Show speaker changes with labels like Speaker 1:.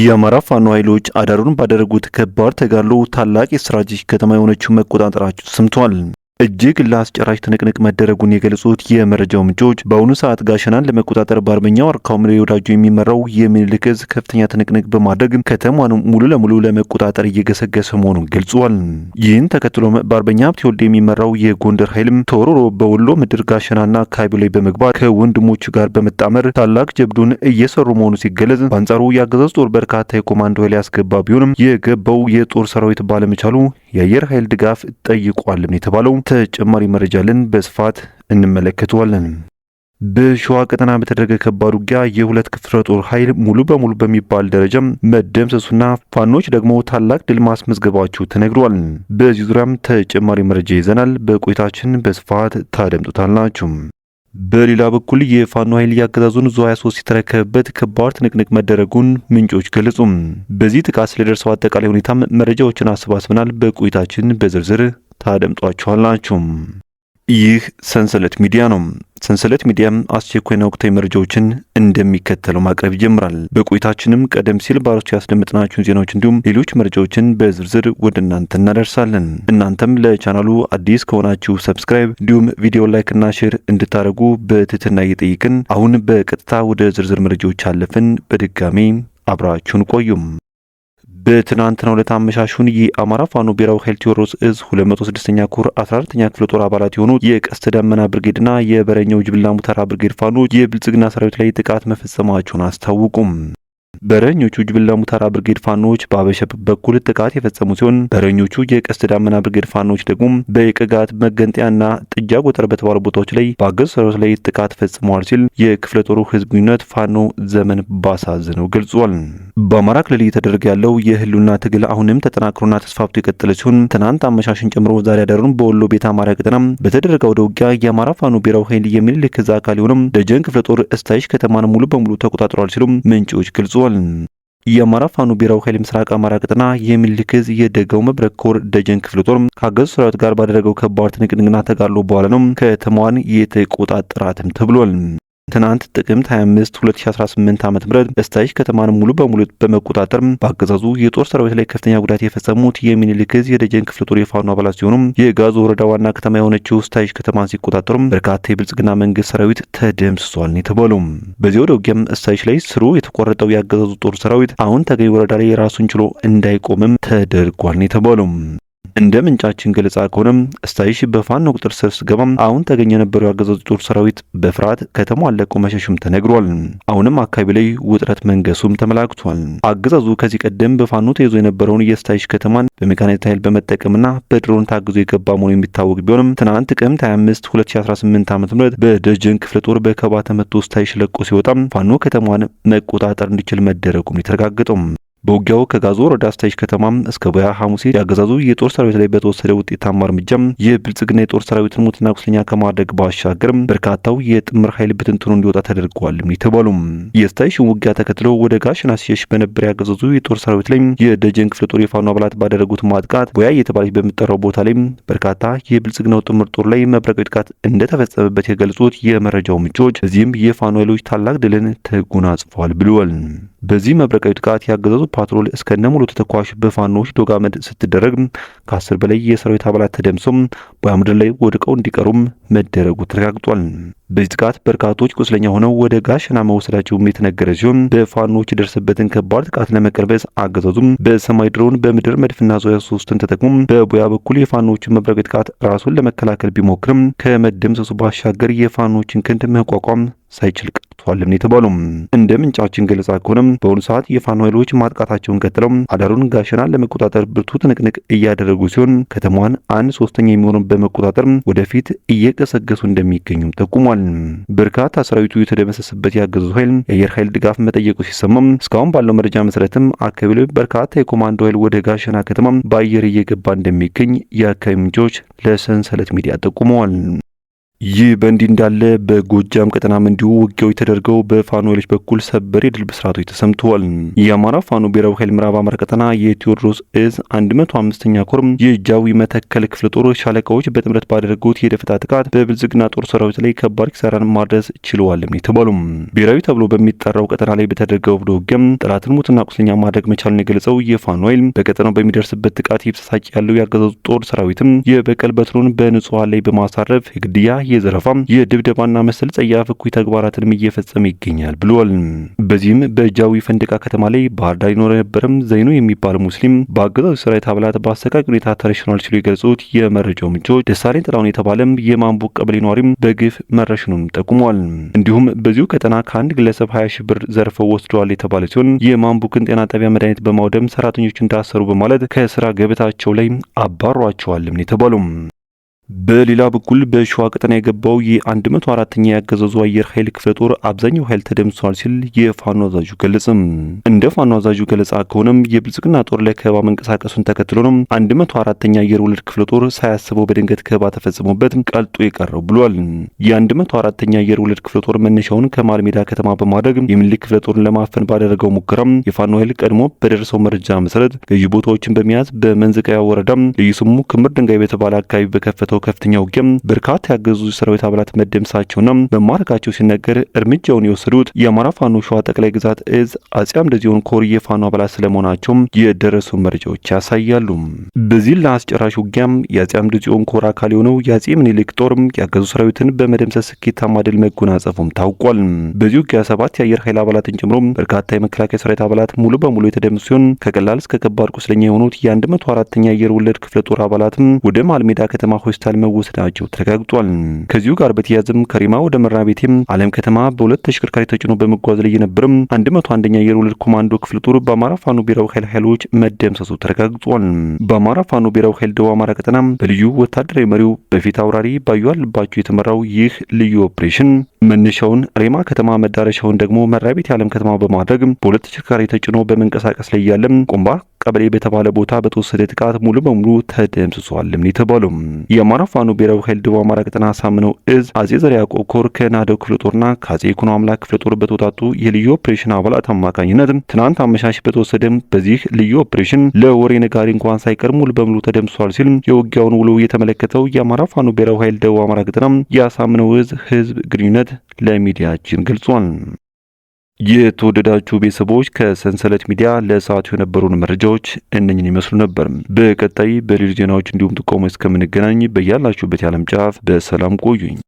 Speaker 1: የአማራ ፋኖ ኃይሎች አዳሩን ባደረጉት ከባድ ተጋድሎ ታላቅ የስትራቴጂክ ከተማ የሆነችው መቆጣጠራቸው ተሰምቷል። እጅግ ለአስጨራሽ ትንቅንቅ መደረጉን የገለጹት የመረጃው ምንጮች በአሁኑ ሰዓት ጋሸናን ለመቆጣጠር በአርበኛው አርካው ምሬ ወዳጁ የሚመራው የሚኒልክ እዝ ከፍተኛ ትንቅንቅ በማድረግ ከተማን ሙሉ ለሙሉ ለመቆጣጠር እየገሰገሰ መሆኑን ገልጿል። ይህን ተከትሎም በአርበኛ ሀብቴ ወልዴ የሚመራው የጎንደር ኃይልም ተወርሮ በወሎ ምድር ጋሸናና አካባቢ ላይ በመግባት ከወንድሞቹ ጋር በመጣመር ታላቅ ጀብዱን እየሰሩ መሆኑ ሲገለጽ፣ በአንጻሩ የአገዛዝ ጦር በርካታ የኮማንዶ ኃይል ያስገባ ቢሆንም የገባው የጦር ሰራዊት ባለመቻሉ የአየር ኃይል ድጋፍ ጠይቋልም የተባለው ተጨማሪ መረጃ ለን በስፋት እንመለከተዋለን። በሸዋ ቀጠና በተደረገ ከባድ ውጊያ የሁለት ክፍለ ጦር ኃይል ሙሉ በሙሉ በሚባል ደረጃ መደምሰሱና ፋኖች ደግሞ ታላቅ ድል ማስመዝገባቸው ተነግሯል። በዚህ ዙሪያም ተጨማሪ መረጃ ይዘናል። በቆይታችን በስፋት ታደምጡታላችሁ። በሌላ በኩል የፋኖ ኃይል ያገዛዙን ዙ 23 የተረከበበት ከባድ ትንቅንቅ መደረጉን ምንጮች ገልጹ። በዚህ ጥቃት ስለደርሰው አጠቃላይ ሁኔታም መረጃዎችን አሰባስበናል። በቆይታችን በዝርዝር ታደምጧችኋላችሁ። ይህ ሰንሰለት ሚዲያ ነው። ሰንሰለት ሚዲያም አስቸኳይና ወቅታዊ መረጃዎችን እንደሚከተለው ማቅረብ ይጀምራል። በቆይታችንም ቀደም ሲል ባሮች ያስደመጥናችሁን ዜናዎች እንዲሁም ሌሎች መረጃዎችን በዝርዝር ወደ እናንተ እናደርሳለን። እናንተም ለቻናሉ አዲስ ከሆናችሁ ሰብስክራይብ፣ እንዲሁም ቪዲዮ ላይክና ሼር እንድታደርጉ በትህትና እየጠየቅን አሁን በቀጥታ ወደ ዝርዝር መረጃዎች አለፍን። በድጋሚ አብራችሁን ቆዩም። በትናንትናው ዕለት አመሻሹን የአማራ ፋኖ ብሔራዊ ኃይል ቴዎድሮስ እዝ 26ኛ ኩር 14ኛ ክፍለ ጦር አባላት የሆኑት የቀስተ ደመና ብርጌድና የበረኛው ጅብላ ሙተራ ብርጌድ ፋኖ የብልጽግና ሰራዊት ላይ ጥቃት መፈጸማቸውን አስታውቁም። በረኞቹ ጅብላ ሙተራ ብርጌድ ፋኖች በአበሸብ በኩል ጥቃት የፈጸሙ ሲሆን በረኞቹ የቀስተ ደመና ብርጌድ ፋኖች ደግሞ በቅጋት መገንጠያና ጥጃ ጎጠር በተባሉ ቦታዎች ላይ በአገዛዙ ሰራዊት ላይ ጥቃት ፈጽመዋል ሲል የክፍለ ጦሩ ህዝብ ግንኙነት ፋኖ ዘመን ባሳዝነው ገልጿል። በአማራ ክልል እየተደረገ ያለው የህልውና ትግል አሁንም ተጠናክሮና ተስፋፍቶ የቀጠለ ሲሆን ትናንት አመሻሽን ጨምሮ ዛሬ ያደሩን በወሎ ቤት አማራ ቀጠና በተደረገ ወደ ውጊያ የአማራ ፋኖ ብሔራዊ ኃይል የሚል ክዛ አካል የሆነም ደጀን ክፍለ ጦር እስታይሽ ከተማን ሙሉ በሙሉ ተቆጣጥሯል ሲሉም ምንጮች ገልጸዋል። የአማራ ፋኖ ብሔራዊ ኃይል ምስራቅ አማራ ቀጠና የሚኒልክ ዕዝ መብረቅ ኮር ደጀን ክፍለ ጦር ከአገዙ ሰራዊት ጋር ባደረገው ከባድ ትንቅንቅና ተጋድሎ በኋላ ነው ከተማዋን የተቆጣጠራትም ተብሏል። ትናንት ጥቅምት 25 2018 ዓ.ም በስታይሽ ከተማን ሙሉ በሙሉ በመቆጣጠር በአገዛዙ የጦር ሰራዊት ላይ ከፍተኛ ጉዳት የፈጸሙት የሚኒሊክ እዝ የደጀን ክፍለ ጦር የፋኖ አባላት ሲሆኑም የጋዞ ወረዳ ዋና ከተማ የሆነችው ስታይሽ ከተማን ሲቆጣጠሩም በርካታ የብልጽግና መንግስት ሰራዊት ተደምስሷል የተባሉ በዚህ ወደ ውጊያም ስታይሽ ላይ ስሩ የተቆረጠው የአገዛዙ ጦር ሰራዊት አሁን ተገኝ ወረዳ ላይ የራሱን ችሎ እንዳይቆምም ተደርጓል የተባሉ እንደ ምንጫችን ገለጻ ከሆነም ስታይሽ በፋኖ ቁጥር ስር ስገባ አሁን ተገኘ የነበረው ያገዛዙ ጦር ሰራዊት በፍርሃት ከተማ ለቆ መሸሽም ተነግሯል። አሁንም አካባቢ ላይ ውጥረት መንገሱም ተመላክቷል። አገዛዙ ከዚህ ቀደም በፋኖ ተይዞ የነበረውን የስታይሽ ከተማን በሜካናይዝድ ኃይል በመጠቀምና በድሮን ታግዞ የገባ መሆኑ የሚታወቅ ቢሆንም ትናንት ጥቅምት 25 2018 ዓ.ም በደጀን ክፍለ ጦር በከባ ተመቶ ስታይሽ ለቆ ሲወጣም ፋኖ ከተማዋን መቆጣጠር እንዲችል መደረጉም የተረጋገጠው በውጊያው ከጋዞ ወረዳ አስታይሽ ከተማ እስከ ቦያ ሐሙሴ ያገዛዙ የጦር ሰራዊት ላይ በተወሰደ ውጤታማ እርምጃ የብልጽግና የጦር ሰራዊትን ሙትና ቁስለኛ ከማድረግ ባሻገር በርካታው የጥምር ኃይል ብትንትኑ እንዲወጣ ተደርገዋል የተባሉ የአስታይሽን ውጊያ ተከትሎ ወደ ጋሽና ሲሸሽ በነበረ ያገዛዙ የጦር ሰራዊት ላይ የደጀን ክፍለ ጦር የፋኖ አባላት ባደረጉት ማጥቃት ቦያ እየተባለች በሚጠራው ቦታ ላይ በርካታ የብልጽግናው ጥምር ጦር ላይ መብረቃዊ ጥቃት እንደተፈጸመበት የገለጹት የመረጃው ምንጮች በዚህም የፋኖ ኃይሎች ታላቅ ድልን ተጎናጽፈዋል ብለዋል። በዚህ መብረቃዊ ጥቃት ያገዛዙ ፓትሮል እስከነ ሙሉ ተተኳሽ በፋኖች ዶጋመድ ስትደረግ ከአስር በላይ የሰራዊት አባላት ተደምሶም ምድር ላይ ወድቀው እንዲቀሩም መደረጉ ተረጋግጧል። በዚህ ጥቃት በርካቶች ቁስለኛ ሆነው ወደ ጋሸና መወሰዳቸውም የተነገረ ሲሆን በፋኖች የደረሰበትን ከባድ ጥቃት ለመቀልበስ አገዛዙም በሰማይ ድሮን በምድር መድፍና ዙሪያ ሶስትን ተጠቅሞ በቡያ በኩል የፋኖችን መብረቅ ጥቃት ራሱን ለመከላከል ቢሞክርም ከመደምሰሱ ባሻገር የፋኖችን ክንድ መቋቋም ሳይችል ተከስቷልም ነው የተባሉ። እንደ ምንጫችን ገለጻ ከሆነም በአሁኑ ሰዓት የፋኖ ኃይሎች ማጥቃታቸውን ቀጥለው አዳሩን ጋሸናን ለመቆጣጠር ብርቱ ትንቅንቅ እያደረጉ ሲሆን ከተማዋን አንድ ሶስተኛ የሚሆኑን በመቆጣጠር ወደፊት እየቀሰገሱ እንደሚገኙም ጠቁሟል። በርካታ ሰራዊቱ የተደመሰሰበት ያገዙ ኃይል የአየር ኃይል ድጋፍ መጠየቁ ሲሰማም እስካሁን ባለው መረጃ መሰረትም አካባቢ ላይ በርካታ የኮማንዶ ኃይል ወደ ጋሸና ከተማ በአየር እየገባ እንደሚገኝ የአካባቢ ምንጮች ለሰንሰለት ሚዲያ ጠቁመዋል። ይህ በእንዲህ እንዳለ በጎጃም ቀጠናም እንዲሁ ውጊያዎች ተደርገው በፋኖ ኃይሎች በኩል ሰበር የድል ብስራቶች ተሰምተዋል። የአማራ ፋኖ ብሔራዊ ኃይል ምዕራብ አማራ ቀጠና የቴዎድሮስ እዝ 105ኛ ኮርም የጃዊ መተከል ክፍለ ጦር ሻለቃዎች በጥምረት ባደረጉት የደፈጣ ጥቃት በብልጽግና ጦር ሰራዊት ላይ ከባድ ኪሳራን ማድረስ ችለዋልም የተባሉም ብሔራዊ ተብሎ በሚጠራው ቀጠና ላይ በተደረገው ብሎ ውጊያም ጠላትን ሙትና ቁስለኛ ማድረግ መቻሉን የገለጸው የፋኖ ኃይል በቀጠናው በሚደርስበት ጥቃት ይብሳሳጭ ያለው ያገዛዙ ጦር ሰራዊትም የበቀል በትሩን በንጹሐን ላይ በማሳረፍ ግድያ የዘረፋም የድብደባና መሰል ጸያፍ እኩይ ተግባራትንም እየፈጸመ ይገኛል ብሏል። በዚህም በጃዊ ፈንድቃ ከተማ ላይ ባህር ዳር ይኖረ ነበረም ዘይኖ የሚባል ሙስሊም በአገዛዙ ሰራዊት አባላት በአሰቃቂ ሁኔታ ተረሽኗል ሲሉ የገለጹት የመረጃው ምንጮች ደሳሌን ጥላሁን የተባለም የማንቡ ቀበሌ ኗሪም በግፍ መረሽኑን ጠቁሟል። እንዲሁም በዚሁ ቀጠና ከአንድ ግለሰብ 20 ሺህ ብር ዘርፈው ወስደዋል የተባለ ሲሆን የማንቡክን ጤና ጣቢያ መድኃኒት በማውደም ሰራተኞች እንዳሰሩ በማለት ከስራ ገበታቸው ላይ አባሯቸዋልም የተባሉም በሌላ በኩል በሸዋ ቀጠና የገባው የ104ኛ ያገዘዙ አየር ኃይል ክፍለ ጦር አብዛኛው ኃይል ተደምሷል ሲል የፋኖ አዛዡ ገለጽም። እንደ ፋኖ አዛዡ ገለጻ ከሆነም የብልጽግና ጦር ለከባ መንቀሳቀሱን ተከትሎ ነው 104ኛ አየር ወለድ ክፍለ ጦር ሳያስበው በድንገት ከበባ ተፈጽሞበት ቀልጦ የቀረው ብሏል። የ104ኛ አየር ወለድ ክፍለ ጦር መነሻውን ከማልሜዳ ሜዳ ከተማ በማድረግ የሚኒልክ ክፍለ ጦርን ለማፈን ባደረገው ሙከራም የፋኖ ኃይል ቀድሞ በደረሰው መረጃ መሰረት ገዢ ቦታዎችን በመያዝ በመንዝቀያ ወረዳ ልዩ ስሙ ክምር ድንጋይ በተባለ አካባቢ በከፈተው በተከፈተው ከፍተኛ ውጊያም በርካታ ያገዙ ሰራዊት አባላት መደምሳቸውና መማረካቸው ሲነገር እርምጃውን የወሰዱት የአማራ ፋኖ ሸዋ ጠቅላይ ግዛት እዝ አጼ አምደ ኮር የፋኖ አባላት ስለመሆናቸውም የደረሱ መረጃዎች ያሳያሉ። በዚህ ለአስጨራሽ ውጊያም የአጼ አምደ ኮር አካል የሆነው የአጼ ምኒልክ ጦርም ያገዙ ሰራዊትን በመደምሰስ ስኬታማ ድል መጎናጸፉም ታውቋል። በዚህ ውጊያ ሰባት የአየር ኃይል አባላትን ጨምሮ በርካታ የመከላከያ ሰራዊት አባላት ሙሉ በሙሉ የተደመሰሱ ሲሆን ከቀላል እስከ ከባድ ቁስለኛ የሆኑት የ104ኛ አየር ወለድ ክፍለ ጦር አባላትም ወደ መሃል ሜዳ ከተማ ሆስፒታል ሆስፒታል መወሰዳቸው ተረጋግጧል። ከዚሁ ጋር በተያያዘም ከሪማ ወደ መራ ቤቴም አለም ከተማ በሁለት ተሽከርካሪ ተጭኖ በመጓዝ ላይ የነበረም መቶ አንደኛ አየር ወለድ ኮማንዶ ክፍል ጦር በአማራ ፋኖ ብሔራዊ ኃይል ኃይሎች መደምሰሱ ተረጋግጧል። በአማራ ፋኖ ብሔራዊ ኃይል ደቡብ አማራ ቀጠና በልዩ ወታደራዊ መሪው በፊት አውራሪ ባዩ አልባቸው የተመራው ይህ ልዩ ኦፕሬሽን መነሻውን ሬማ ከተማ መዳረሻውን ደግሞ መራቤት የዓለም ከተማ በማድረግ በሁለት ተሽከርካሪ ተጭኖ በመንቀሳቀስ ላይ ያለም ቁምባ ቀበሌ በተባለ ቦታ በተወሰደ ጥቃት ሙሉ በሙሉ ተደምስሷል። የተባለው የአማራ ፋኖ ብሔራዊ ኃይል ደቡብ አማራ ቀጠና ሳምነው እዝ አጼ ዘርዓ ያዕቆብ ኮር ከናደው ክፍለ ጦርና ከአጼ ይኩኖ አምላክ ክፍለ ጦር በተወጣጡ የልዩ ኦፕሬሽን አባላት አማካኝነት ትናንት አመሻሽ በተወሰደም በዚህ ልዩ ኦፕሬሽን ለወሬ ነጋሪ እንኳን ሳይቀር ሙሉ በሙሉ ተደምሷል ሲል የውጊያውን ውሎ የተመለከተው የአማራ ፋኖ ብሔራዊ ኃይል ደቡብ አማራ ቀጠና ያሳምነው እዝ ህዝብ ግንኙነት ለሚዲያችን ገልጿል። የተወደዳችሁ ቤተሰቦች ከሰንሰለት ሚዲያ ለሰዓቱ የነበሩን መረጃዎች እነኝን ይመስሉ ነበር። በቀጣይ በሌሎች ዜናዎች እንዲሁም ጥቆሞ እስከምንገናኝ በያላችሁበት የዓለም ጫፍ በሰላም ቆዩኝ።